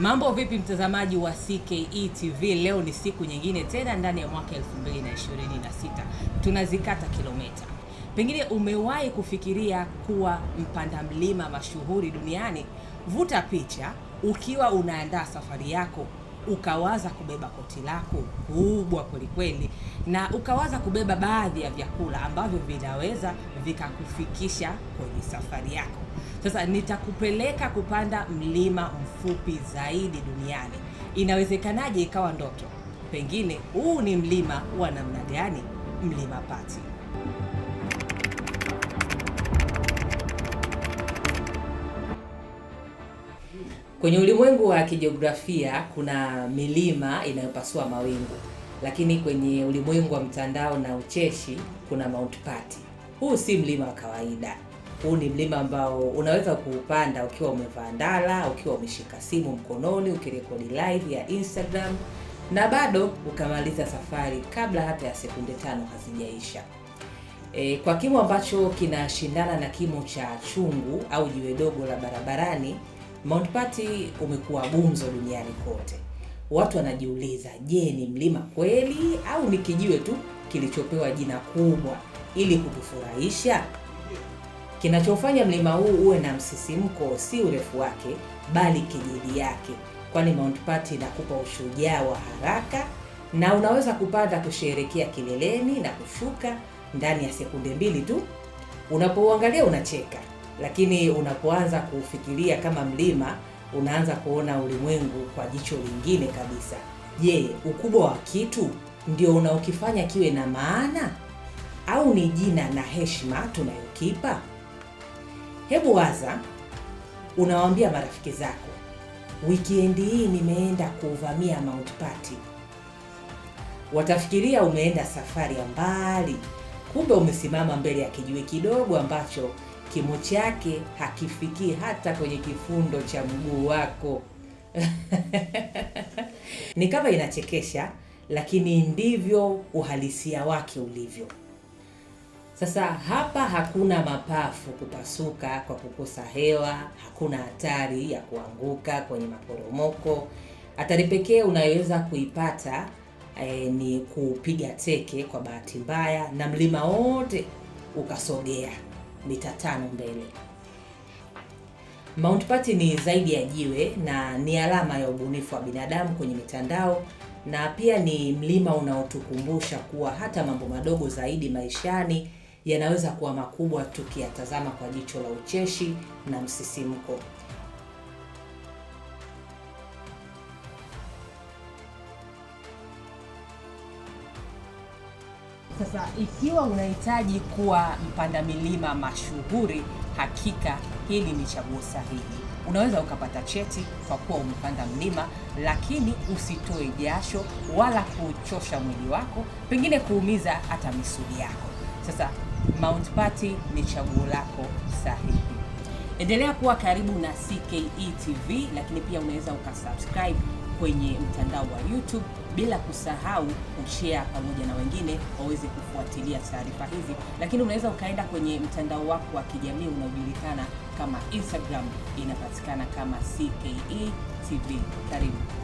Mambo vipi mtazamaji wa CKE TV? Leo ni siku nyingine tena ndani ya mwaka 2026. Tunazikata kilomita. Pengine umewahi kufikiria kuwa mpanda mlima mashuhuri duniani? Vuta picha ukiwa unaandaa safari yako ukawaza kubeba koti lako kubwa kwelikweli, na ukawaza kubeba baadhi ya vyakula ambavyo vinaweza vikakufikisha kwenye safari yako. Sasa nitakupeleka kupanda mlima mfupi zaidi duniani, inawezekanaje ikawa ndoto? Pengine huu ni mlima wa namna gani? Mlima Pati. Kwenye ulimwengu wa kijiografia kuna milima inayopasua mawingu, lakini kwenye ulimwengu wa mtandao na ucheshi kuna Mount Pati. Huu si mlima wa kawaida. Huu ni mlima ambao unaweza kuupanda ukiwa umevaa ndala, ukiwa umeshika simu mkononi, ukirekodi live ya Instagram na bado ukamaliza safari kabla hata ya sekunde tano hazijaisha. E, kwa kimo ambacho kinashindana na kimo cha chungu au jiwe dogo la barabarani Mount Pati umekuwa gumzo duniani kote. Watu wanajiuliza, je, ni mlima kweli au ni kijiwe tu kilichopewa jina kubwa ili kutufurahisha? Kinachofanya mlima huu uwe na msisimko si urefu wake, bali kejeli yake, kwani Mount Pati inakupa ushujaa wa haraka na unaweza kupanda kusherekea kileleni na kushuka ndani ya sekunde mbili tu. Unapouangalia unacheka lakini unapoanza kufikiria kama mlima, unaanza kuona ulimwengu kwa jicho lingine kabisa. Je, ukubwa wa kitu ndio unaokifanya kiwe na maana au ni jina na heshima tunayokipa? Hebu waza, unawaambia marafiki zako, wikendi hii nimeenda kuuvamia Mount Pati. Watafikiria umeenda safari ya mbali, kumbe umesimama mbele ya kijiwe kidogo ambacho kimo chake hakifikii hata kwenye kifundo cha mguu wako. Ni kama inachekesha, lakini ndivyo uhalisia wake ulivyo. Sasa hapa hakuna mapafu kupasuka kwa kukosa hewa, hakuna hatari ya kuanguka kwenye maporomoko. Hatari pekee unayoweza kuipata eh, ni kupiga teke kwa bahati mbaya na mlima wote ukasogea mita tano mbele. Mount Patti ni zaidi ya jiwe na ni alama ya ubunifu wa binadamu kwenye mitandao na pia ni mlima unaotukumbusha kuwa hata mambo madogo zaidi maishani yanaweza kuwa makubwa tukiyatazama kwa jicho la ucheshi na msisimko. Sasa ikiwa unahitaji kuwa mpanda milima mashuhuri, hakika hili ni chaguo sahihi. Unaweza ukapata cheti kwa kuwa umepanda mlima, lakini usitoe jasho wala kuchosha mwili wako, pengine kuumiza hata misuli yako. Sasa Mount Party ni chaguo lako sahihi. Endelea kuwa karibu na CKE TV, lakini pia unaweza ukasubscribe kwenye mtandao wa YouTube, bila kusahau kushare pamoja na wengine waweze kufuatilia taarifa hizi. Lakini unaweza ukaenda kwenye mtandao wako wa kijamii unaojulikana kama Instagram, inapatikana kama CKE TV. Karibu.